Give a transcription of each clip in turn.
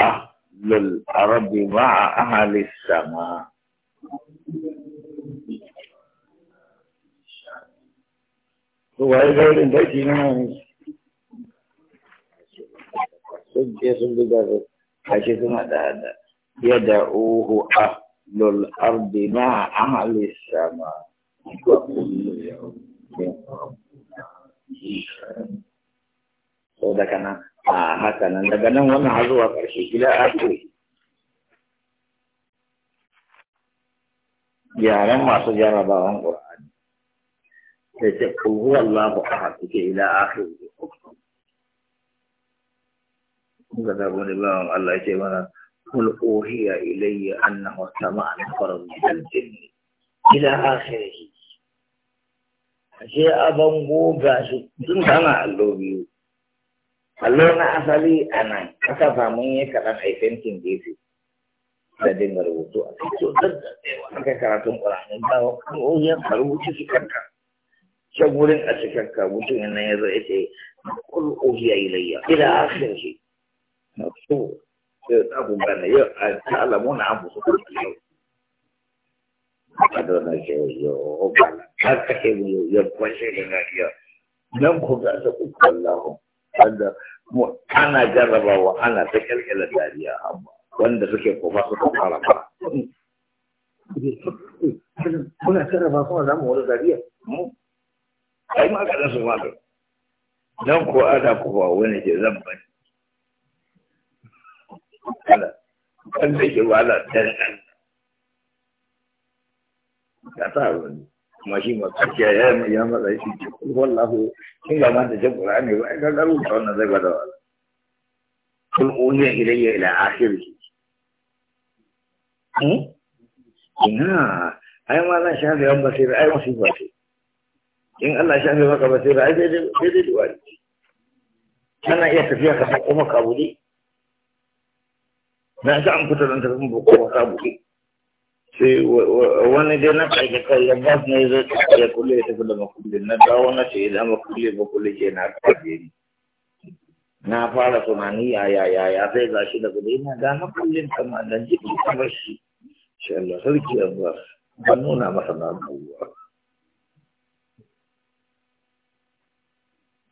أهل الأرض مع أهل السماء هو أيضا بيتي نعم سجس بدر يدعوه أهل الأرض مع أهل السماء وكل يوم a haka nan daga nan wannan har zuwa ƙarshe gida ake yaren masu jarabawan ƙur'ani da ce kulhu Allahu ahad suke ila akhir ga da wani bawan Allah ya ce mana kul uhiya ilayya annahu sama'a nafaran min al-jinn ila akhirih ashe bango goga shi tun da ana allo biyu Allo na asali a nan, aka samu yi kaɗan a fentin gefe da dinga rubutu a cikin so da tsewa aka karatun ƙwararrun bawa kan oyin ka rubuci su kanka. Can wurin a cikin ka mutum yana ya zo ya ce, Kul ohiya ilayya, ila akhir shi. So, yau ta ku gane yau a ta'alamu na abu su kuma yau. Adona ce yau, ba na, har ka ce yau, yau kwanci da na yau. Nan ku gasa uku Allahun. wanda ana jarrabawa ana ta kyalkyala dariya wanda suke kofa suka fara fara muna jarraba kuma za mu wani dariya hmm. ai ma kaɗan su malu nan ko ana kofa wani ke zan bani wanda ke wala dan ɗan ka ta wani kuma shi ma kafiya ya yi ya matsa shi ce wallahu kin ga man da jan qur'ani ba ga garu ta wannan zai bada kun uhiya ilayya ila akhirih hmm? eh ina ai ma na shafi an basira ai musiba ce in Allah shafi maka basira ai sai dai sai dai duwa kana iya tafiya ka sako maka abu na ji an fita don tafi mu ko wata abu ne sai wani dai na ƙarfi kai ya ba su ne zai tafi ya kulle ya tafi da makullin na dawo na ce idan makulle makulle ke na ƙarfi ne na fara tunani ya ya ya ya sai ga shi da kuɗi ina da makullin kama da jiki kamar shi shi Allah sarki ya ba ban nuna masa na abubuwa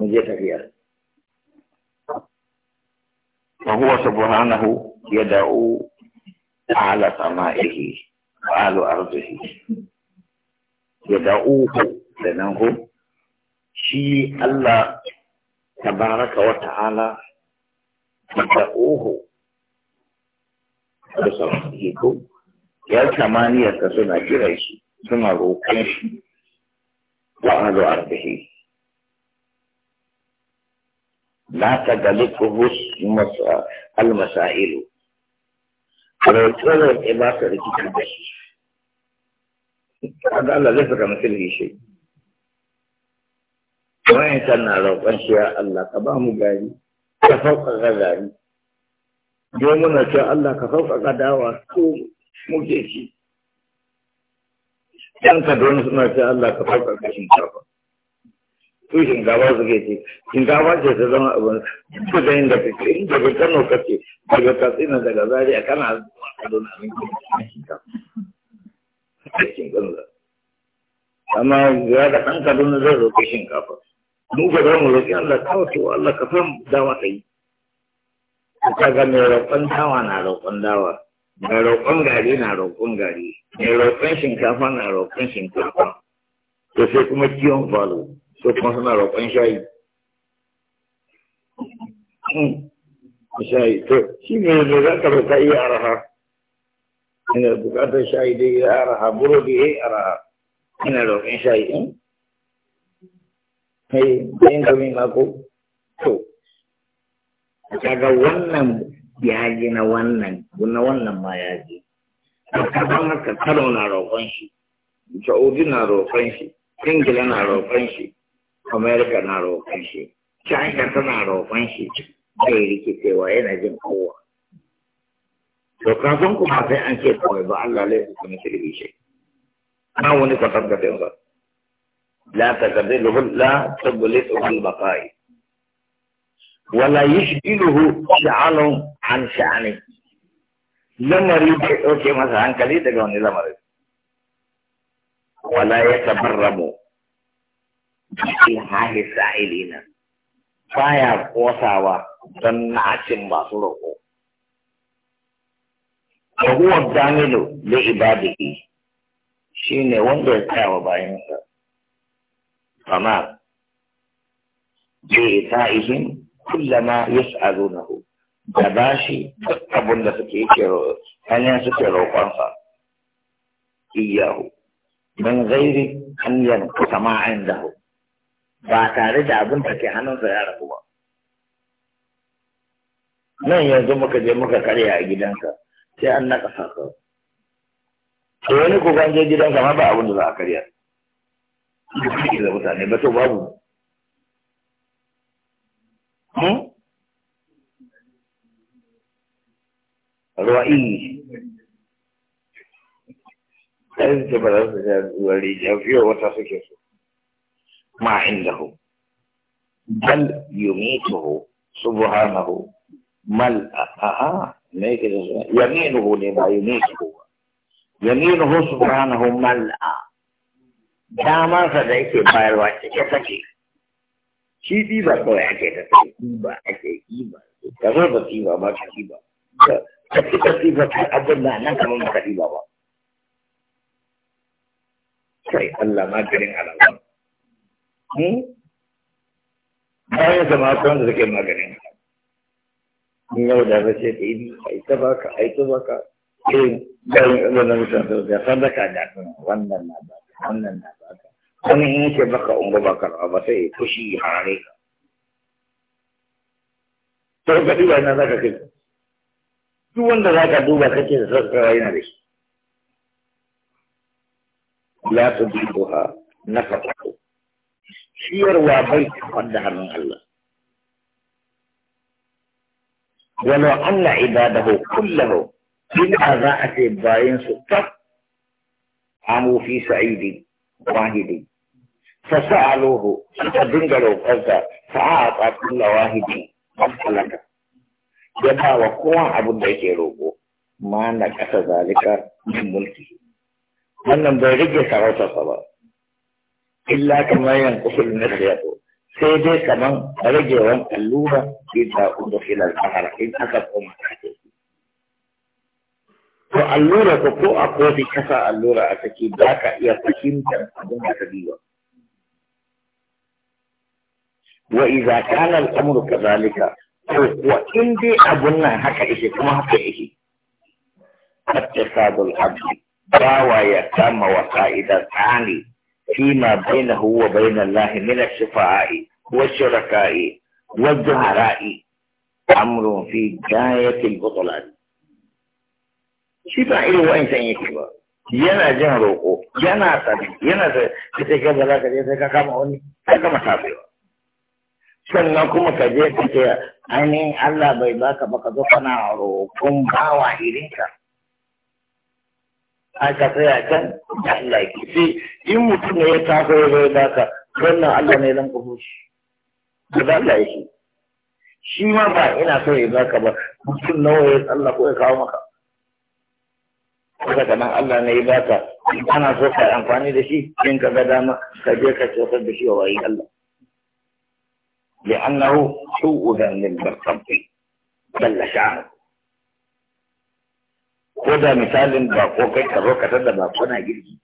mu je tafiya فهو سبحانه يدعو على سمائه wa’alu arzuhi ya da’uhu da nan shi Allah ta baraka wa ta’ala ya da’uhu da sarfiko ya tamaniyarsa suna jira shi suna roƙon shi wa’alu arzuhi لا rautsar ya ba ka rikici da shi kaga Allah zai mutum shi wayan na roƙon shi ya Allah ka ba mu gari ka sauƙaƙa gari ce Allah ka sauƙaƙa dawa ko muke yan suna Allah ka sauƙaƙa shinkafa su shinkafa suke ce shinkafa ce ta zama abin su da yin da fito in daga kano kace daga katsina daga zaria kana zuwa kaduna abin kuma shinkafa cikin kanza amma ya da ɗan kaduna zai roƙi shinkafa mu ga za mu roƙi Allah kawai to Allah ka fam dawa ta yi ka ga mai roƙon dawa na roƙon dawa mai roƙon gari na roƙon gari mai roƙon shinkafa na roƙon shinkafa to sai kuma kiwon falo su kuma suna roƙon shayi shayi to shi ne ne za ka roƙa iya araha ina buƙatar shayi dai iya araha burodi ya yi araha ina roƙon shayi in kai ɗayan kamin mako to wannan ya gina wannan na wannan ma ya ji haka na roƙon shi saudi na roƙon shi ingila na roƙon shi amerika na roƙon shi china tana roƙon shi bai rikicewa yana jin kowa to kafin kuma sai an ce kawai ba Allah lai su kuma shirbi shi ana wani kwatar da ba la ta gabe da la ta gule tsohon bakai wala yishgiluhu sha'alun an sha'ani lamari bai ɗauke masa hankali daga wani lamarin. wala ya rabo. ilina. sa'ilina baya kosawa don nacin masu roƙo wa huwa damilu ibadiki shi shine wanda ya tsaya wa bayansa kama bi ta'ihim kullama yas'alunahu da bashi duk abin da suke yake hanyar suke roƙonsa iyahu min hanyar kusa yankusa da indahu ba tare da abin da ke hannunsa ya rabu ba nan yanzu muka je muka karya a gidanka sai an naka saka to wani ko kan je gidanka ma ba abin da za a karya ba kike da mutane ba to babu hmm? ruwa'i ɗan ce ba za su sha ruwa rijiya fiye wata suke so ما عنده بل يميته سبحانه مل آه يمينه لما يميته يمينه سبحانه ملأ dama sa da yake bayarwa cike take shi ba kawai ake ta kai ɗiba ake ɗiba ka zo da ɗiba ba ka ɗiba ka ci ka ɗiba ka abin da nan kamar ba ka ɗiba ba sai Allah maganin alaƙa Hmm? bayan zama kan da suke maganin in yau da ba ce ta yi a aita baka aita baka eh bayan ɗan ɗan mutum da ya san da ka da wannan na baka wannan na baka wani in ke baka ungo baka ba ba sai fushi harare ka sau ka duba yana zaka kai duk wanda zaka duba kake da sassawa yana da shi la tudduha nafaqatu شير وبيت قدها من الله ولو أن عباده كله إلا ذاعة الضائن سكت عموا في سعيد واحد فسألوه فدنجلوا فزا فعاطى كل واحد فسألك يبا وقوع أبو الدجيروه ما نكت ذلك من ملكه من بيرجي سرعة صلاة illa kama yanqusu na mikhyat sai dai kaman ragewan allura idan udkhila al-bahar in aka koma to allura ko ko a kofi kasa allura a saki ba ka iya fahimtar abin da ta ba. wa idza kana al-amru kadhalika to wa in dai abun nan haka yake kuma haka yake attisadul abdi bawa ya kama wa ka'idar tsani فيما بينه وبين الله من الشفعاء والشركاء والزهراء أمر في غاية البطلان شفاء وين سن ينا جن روكو ينا تبي ينا تتكى ذلك يتكى كما أني كما تابي سن نكو متجيك تتكى أني الله بيباك بكذو فنا روكم باوا إيرينك aka tsaya can da Allah ya sai in mutum ne ya taso ya zo baka wannan Allah ne zan kufu shi da Allah ya shi shi ma ba ina so ya baka ba mutum nawa ya Allah ko ya kawo maka daga nan Allah ne ya baka ana so ka amfani da shi in ka ga dama ka je ka tsofar da shi wa wayi Allah لأنه سوء ذنب البرقم balla شعره ko da misalin bako kai ka zo ka tada bako na girki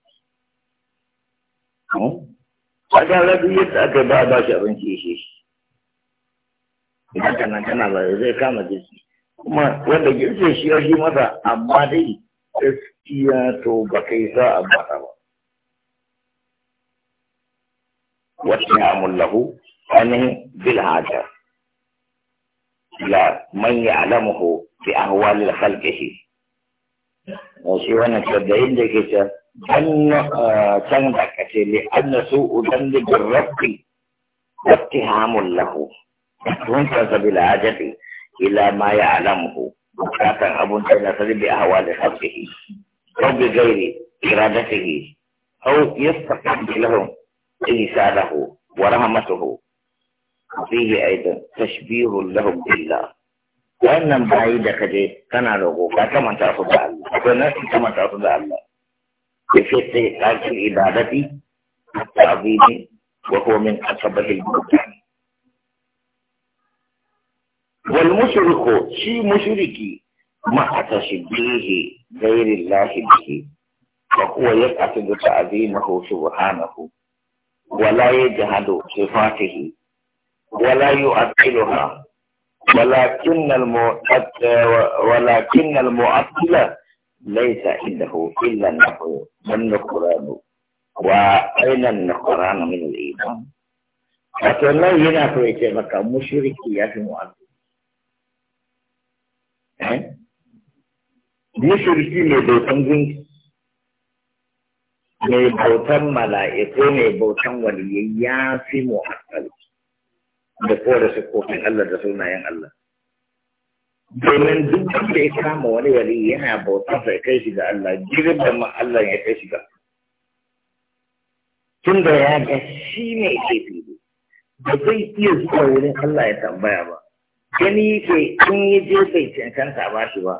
kaga rabi yadda aka ba ba shi abinci ya shi idan kana kana ba zai kama girki kuma wanda girki shi ya shi masa amma dai gaskiya to ba kai sa a mata ba wata ya mullahu ainihin bil hajar ila man ya'lamuhu bi ahwalil khalqihi shi wannan tabbayin da ke ce dan can da ka ce li anna su'u dan da rabbi wattihamul lahu tun ta sabila ajati ila ma ya'lamuhu bukatan abun da na sani bi ahwali nafsihi aw bi ghairi iradatihi aw yastaqim lahu ihsanahu wa rahmatuhu fihi aidan tashbihun lahum billah wannan bayi da kaje kana roƙo ka manta su da Allah akwai ta manta su da Allah ya ce sai ɗakin ibadati ta abidi wa huwa min asabahil bukan wal mushriku shi mushriki ma bihi ghairi Allah bihi wa huwa yaqtidu ta'zimahu subhanahu wa la yajhadu sifatihi wa la yu'tiluha ولكن المؤثر ولكن المؤثر ليس عنده إلا النحو القرآن وأين القرآن من الإيمان فتلا هنا في تبقى مشركية مؤثر مشركي من دوتن جنس mai bautan mala'iku mai bautan waliyai fi mu'akkali da kore siffofin Allah da sunayen Allah. Domin duk da ya kama wani wali yana bautar da kai shi ga Allah, da ma Allah ya kai shi ga. Tun da ya ga shi ne ke fili, ba zai iya zuwa wurin Allah ya tambaya ba. Gani ke in yi je bai kanta ba shi ba,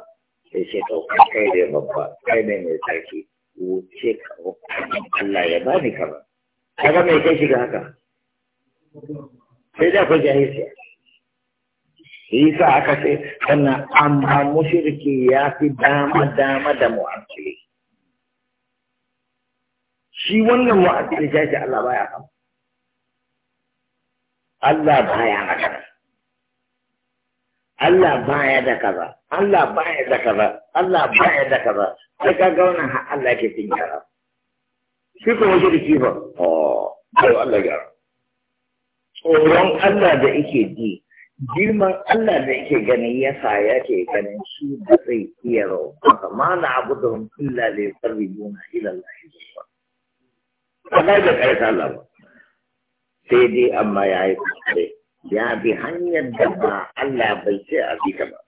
sai ce to kai ne babba, kai ne mai sarki, wuce ka Allah ya bani ni ba. Kaga mai kai shi ga haka. sai da akwai sai yi sa aka ce sannan amma mushriki ya fi dama dama da mu'akkili shi wannan mu'akkili ya ce Allah baya kan Allah baya magana Allah baya da kaza Allah baya da kaza Allah baya da kaza sai ka ga wannan Allah yake tinkara shi ko mushriki ba oh sai Allah ya tsoron Allah da yake ji girman Allah da yake gani ya sa ya ke ganin shi da zai iya roƙa kama na abu da illa lalai tsarri karbi juna ilan da zuwa. Allah da ƙarfi Allah ba. Sai dai amma ya yi kusurai. ya bi hanyar da ba Allah bai ce a ba.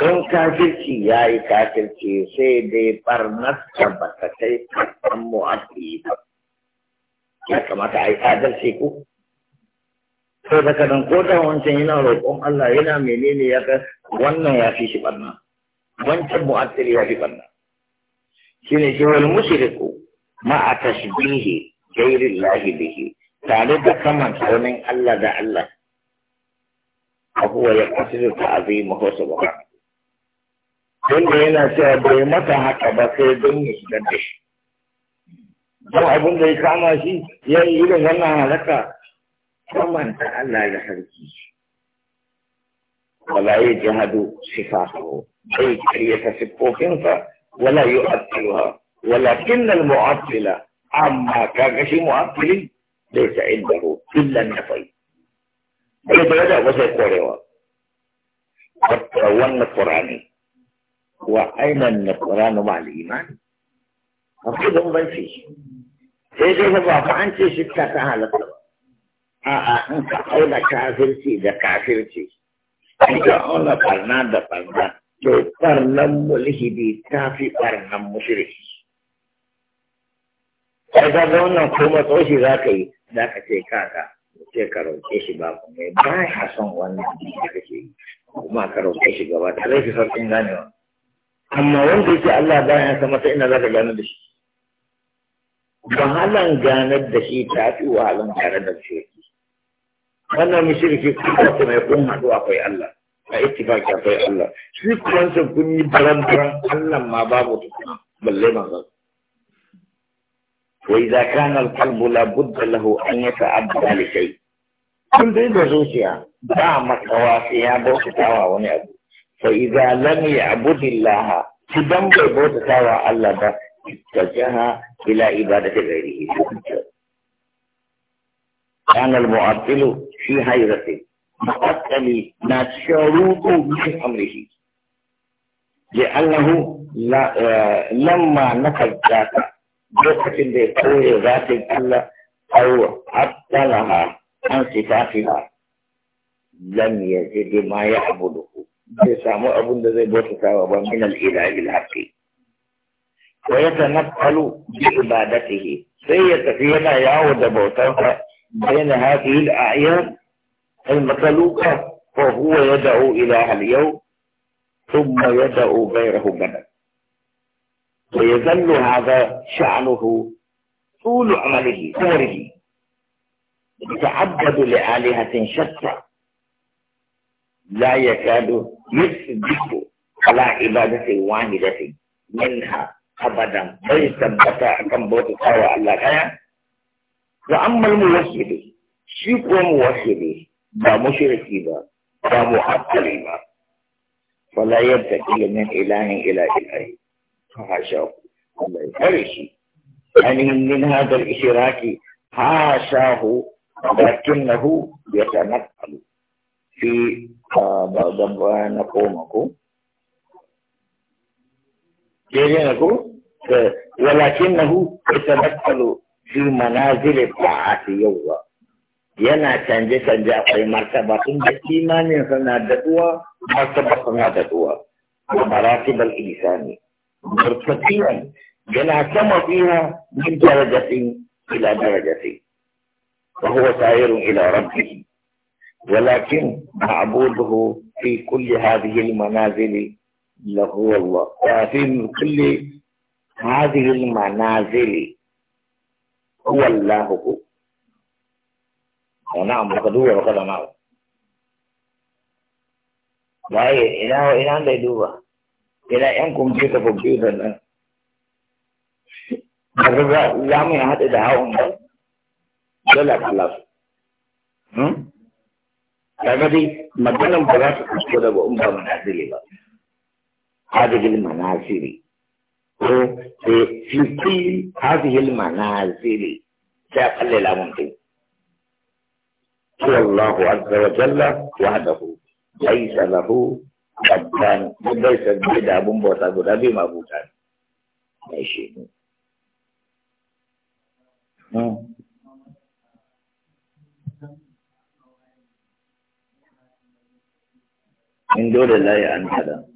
Don kafirci ya yi kafirci sai dai barnar da ba ta kai kan mu'addi ba. ya kamata a yi adalci ko sai da kadan ko da wancan yana roƙon Allah yana menene ya ka wannan ya fi shi barna wancan mu'assiri ya fi barna shine shi wal mushriku ma a tashbihi ghairi Allah bihi tare da kaman tsaronin Allah da Allah huwa ya kasiru ta azima ba. subhanahu wanda yana cewa bai mata haka ba sai don ya shigar da shi don abin da ya kama shi ya yi irin wannan halaka kamanta Allah da sarki wala ya jihadu sifatahu bai karyata siffofinsa wala yu'attiluha walakin al-mu'attila amma kaga shi mu'attili laysa indahu illa an-nafai bai da da wasa korewa wannan qur'ani wa aina an-qur'anu ma'al iman akwai bambanci sai dai ba fa an ce shirka ta halatta ba a'a in ka auna kafirci da kafirci in ka auna barna da barna to barnan mulhidi ta fi barnan mushriki sai ka ga wannan ko matsoshi za ka yi za ka ce kaka. sai ka roƙe shi ba ku mai ba ya son wannan da kake yi kuma ka roƙe shi gaba tare da sauƙin ganewa amma wanda yake Allah ba ya san ina za ka gane da shi wahalan ganar da shi ta fi wahalan ganar da shi wannan mushriki kuma mai kun hadu akwai Allah a ittifaki akwai Allah shi kuma su kun yi baran baran Allah ma babu kuma balle man zan wa idza ka na qalbu la budda lahu an yata'adda li shay kun dai da zuciya ba a makawa sai ya bauta bautawa wani abu fa lami lam ya'budillaha idan bai bautawa Allah ba اتجه إلى عبادة غيره كان المعطل في حيرة معطل ما شروط من أمره لأنه لما نفذ ذاته بوقت بقول ذات الله أو عطلها عن صفاتها لم يجد ما يعبده بسامو أبو الذي بوتك من الإله الحقيقي ويتنقل بعبادته سيتفينا يعود بوتنفع بين هذه الأعيان المطلوبة وهو يدعو إله اليوم ثم يدعو غيره غدا ويظل هذا شعره طول عمله طوله يتعبد لآلهة شتى لا يكاد يثبت على عبادة واحدة منها abadan bai tabbata akan bauta tsawa Allah kaya wa ammal ne, shi ko muwahhid ba mushriki ba ba muhaddali ba wala yabtaki min ilahin ila ilahi hasha Allah ya kare shi ainihin min hadal ishiraki hashahu lakinnahu yatamakkalu fi ah, ba da na koma ko ولكنه يتمثل في منازل الطاعات يوضا ينا تنجة تنجة في مرتبة الإيمان إيمان يصنع مرتبة صنع دقوة ومراتب الإنسان مرتبين ينا كما فيها من درجة إلى درجة وهو سائر إلى ربه ولكن معبوده في كل هذه المنازل هو الله وفي كل هذه المنازل هو الله هو ونعم وقد هو وقد معه لا إله إلا أنت دوبا إلا أنكم جيت فبجيت أنا أقول لا من أحد دعاهم لا خلاص هم لا ما دي ما دام بعث أشكره بأمضى منازلي هذه المنازل في كل هذه المنازل سيقل لا ممكن هو الله عز وجل وحده ليس له قدان ليس بدا بمبوتا بدا بما بوتا ماشي من دون الله أن هذا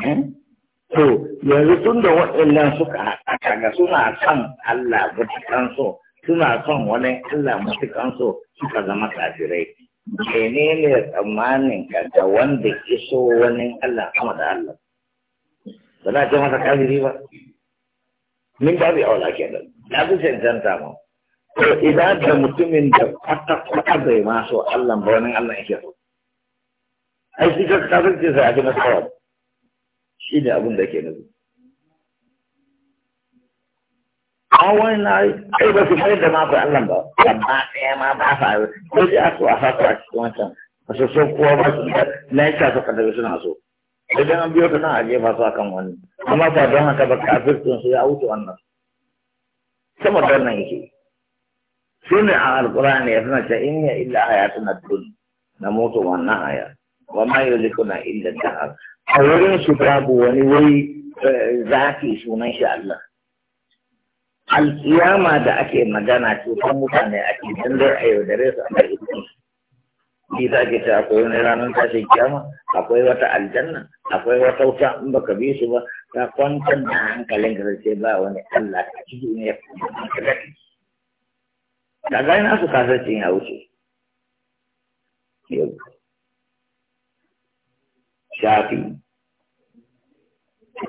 Eh? To, yanzu tun da waɗannan suka haɗa ga suna son Allah matukan so, suna son wani Allah matukan so suka zama kafirai. Mene ne tsammanin ka wanda iso wani Allah sama da Allah? Ba za ce masa kafiri ba. Min ba wala ke nan, Na fi ta ma. To, idan da mutumin da kwata-kwata bai ma so Allah ba wani Allah yake so. Aiki shi ka kafirce sai a ji masa kawai. shi ne abin da ke nufi an wani na ai ba su mai da ma ba Allah ba amma ɗaya ma ba sa yi ko ji a so a sako a cikin wancan a su so kowa ba su na yi kasa kan da su na so idan an biyo ta nan a ba su akan wani amma ba don haka ba sun su ya wuce wannan sama da wannan yake su ne a ne ya suna ce in ya illa a ya suna tun na moto wannan haya wa ma yi likuna illa ta haka a wurin su babu wani wai eh, zafi sunan shi Allah Alƙiyama da ake magana cutar mutane ake cikin dai a yaudare su a kai Ni za ki ta akwai wani ranar tashin kyama, akwai wata aljanna akwai wata wuta in ba ka bi su ba ka kwantar da hankalin ka sai ba wani Allah ka ci duniya ka gani da gani na su cin ya wuce shafi